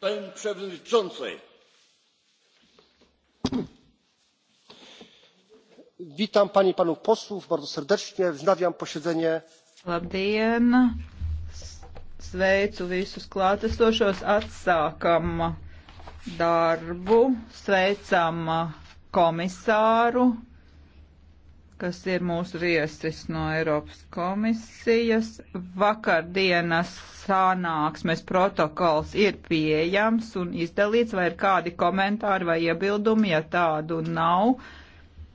panie przewodniczący! witam panie i panów posłów bardzo serdecznie. wznawiam posiedzenie. labdien! sveicu visus klātesošos atsākam darbu sveicam komisāru kas ir mūsu viesis no Eiropas komisijas. Vakardienas sanāksmes protokols ir pieejams un izdalīts, vai ir kādi komentāri vai iebildumi, ja tādu nav.